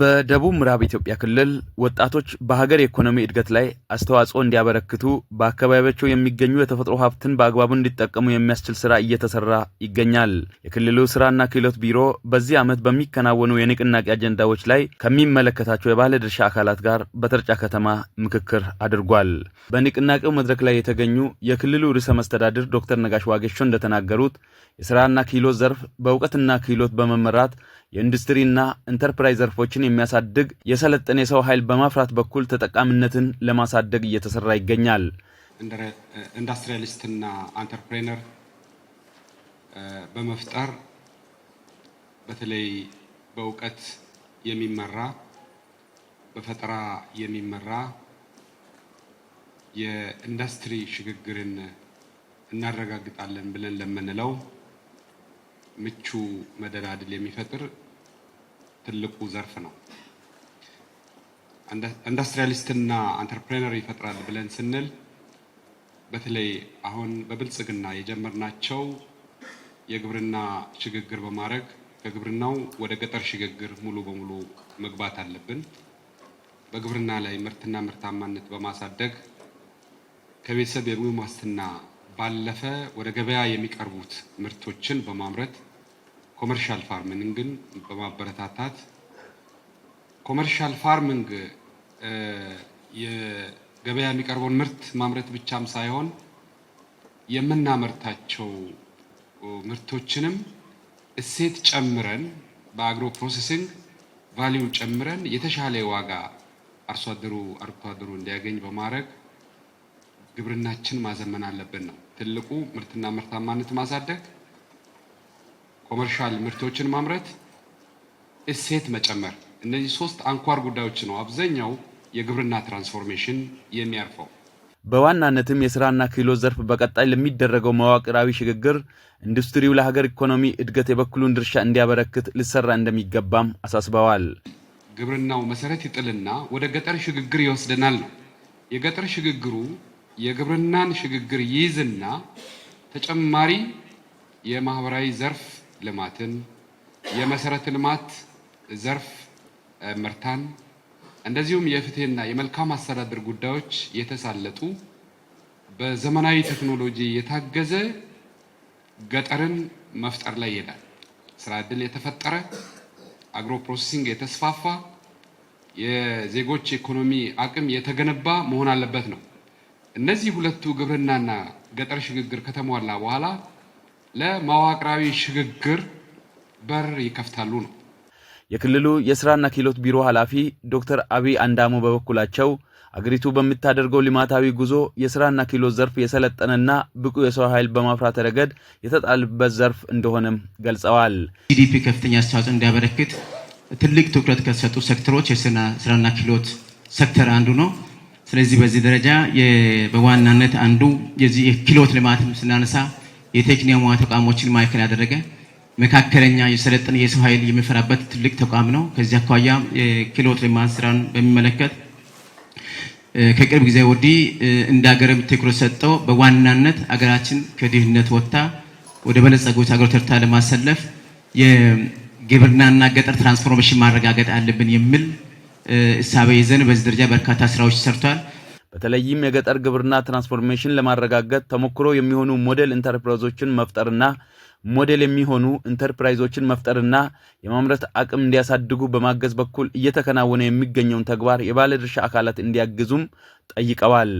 በደቡብ ምዕራብ ኢትዮጵያ ክልል ወጣቶች በሀገር የኢኮኖሚ እድገት ላይ አስተዋጽኦ እንዲያበረክቱ በአካባቢያቸው የሚገኙ የተፈጥሮ ሀብትን በአግባቡ እንዲጠቀሙ የሚያስችል ስራ እየተሰራ ይገኛል። የክልሉ ስራና ክህሎት ቢሮ በዚህ ዓመት በሚከናወኑ የንቅናቄ አጀንዳዎች ላይ ከሚመለከታቸው የባለ ድርሻ አካላት ጋር በተርጫ ከተማ ምክክር አድርጓል። በንቅናቄው መድረክ ላይ የተገኙ የክልሉ ርዕሰ መስተዳድር ዶክተር ነጋሽ ዋጌሾ እንደተናገሩት የስራና ክህሎት ዘርፍ በእውቀትና ክህሎት በመመራት የኢንዱስትሪና ኢንተርፕራይዝ ዘርፎች ችግሮችን የሚያሳድግ የሰለጠነ የሰው ኃይል በማፍራት በኩል ተጠቃሚነትን ለማሳደግ እየተሰራ ይገኛል። ኢንዱስትሪያሊስትና አንተርፕሬነር በመፍጠር በተለይ በእውቀት የሚመራ በፈጠራ የሚመራ የኢንዱስትሪ ሽግግርን እናረጋግጣለን ብለን ለምንለው ምቹ መደላድል የሚፈጥር ትልቁ ዘርፍ ነው። ኢንዱስትሪያሊስትና አንተርፕሬነር ይፈጥራል ብለን ስንል በተለይ አሁን በብልጽግና የጀመርናቸው የግብርና ሽግግር በማድረግ ከግብርናው ወደ ገጠር ሽግግር ሙሉ በሙሉ መግባት አለብን። በግብርና ላይ ምርትና ምርታማነት በማሳደግ ከቤተሰብ የምግብ ዋስትና ባለፈ ወደ ገበያ የሚቀርቡት ምርቶችን በማምረት ኮመርሻል ፋርሚንግን በማበረታታት ኮመርሻል ፋርሚንግ የገበያ የሚቀርበውን ምርት ማምረት ብቻም ሳይሆን የምናመርታቸው ምርቶችንም እሴት ጨምረን በአግሮ ፕሮሴሲንግ ቫሊዩ ጨምረን የተሻለ ዋጋ አርሶ አደሩ አደሩ እንዲያገኝ በማድረግ ግብርናችን ማዘመን አለብን ነው ትልቁ ምርትና ምርታማነት ማሳደግ ኮመርሻል ምርቶችን ማምረት፣ እሴት መጨመር፣ እነዚህ ሶስት አንኳር ጉዳዮች ነው አብዛኛው የግብርና ትራንስፎርሜሽን የሚያርፈው። በዋናነትም የስራና ክህሎት ዘርፍ በቀጣይ ለሚደረገው መዋቅራዊ ሽግግር ኢንዱስትሪው ለሀገር ኢኮኖሚ እድገት የበኩሉን ድርሻ እንዲያበረክት ሊሰራ እንደሚገባም አሳስበዋል። ግብርናው መሰረት ይጥልና ወደ ገጠር ሽግግር ይወስደናል ነው። የገጠር ሽግግሩ የግብርናን ሽግግር ይይዝና ተጨማሪ የማህበራዊ ዘርፍ ልማትን፣ የመሰረተ ልማት ዘርፍ ምርታን፣ እንደዚሁም የፍትህና የመልካም አስተዳደር ጉዳዮች የተሳለጡ በዘመናዊ ቴክኖሎጂ የታገዘ ገጠርን መፍጠር ላይ ይሄዳል። ስራ ዕድል የተፈጠረ አግሮ ፕሮሰሲንግ የተስፋፋ የዜጎች ኢኮኖሚ አቅም የተገነባ መሆን አለበት ነው። እነዚህ ሁለቱ ግብርናና ገጠር ሽግግር ከተሟላ በኋላ ለመዋቅራዊ ሽግግር በር ይከፍታሉ ነው። የክልሉ የስራና ክህሎት ቢሮ ኃላፊ ዶክተር አብይ አንዳሞ በበኩላቸው አገሪቱ በምታደርገው ልማታዊ ጉዞ የስራና ክህሎት ዘርፍ የሰለጠነና ብቁ የሰው ኃይል በማፍራት ረገድ የተጣልበት ዘርፍ እንደሆነም ገልጸዋል። ጂዲፒ ከፍተኛ አስተዋጽኦ እንዲያበረክት ትልቅ ትኩረት ከተሰጡ ሴክተሮች የስራና ክህሎት ሴክተር አንዱ ነው። ስለዚህ በዚህ ደረጃ በዋናነት አንዱ የዚህ የክህሎት ልማትም ስናነሳ የቴክኒክና ሙያ ተቋሞችን ማዕከል ያደረገ መካከለኛ የሰለጠነ የሰው ኃይል የሚፈራበት ትልቅ ተቋም ነው። ከዚህ አኳያ ክህሎት ልማት ስራን በሚመለከት ከቅርብ ጊዜ ወዲህ እንደ ሀገርም ትኩረት ሰጠው በዋናነት አገራችን ከድህነት ወጥታ ወደ በለጸጎች ሀገሮች ተርታ ለማሰለፍ የግብርናና ገጠር ትራንስፎርሜሽን ማረጋገጥ አለብን የሚል እሳቤ ይዘን በዚህ ደረጃ በርካታ ስራዎች ሰርቷል። በተለይም የገጠር ግብርና ትራንስፎርሜሽን ለማረጋገጥ ተሞክሮ የሚሆኑ ሞዴል ኢንተርፕራይዞችን መፍጠርና ሞዴል የሚሆኑ ኢንተርፕራይዞችን መፍጠርና የማምረት አቅም እንዲያሳድጉ በማገዝ በኩል እየተከናወነ የሚገኘውን ተግባር የባለድርሻ አካላት እንዲያግዙም ጠይቀዋል።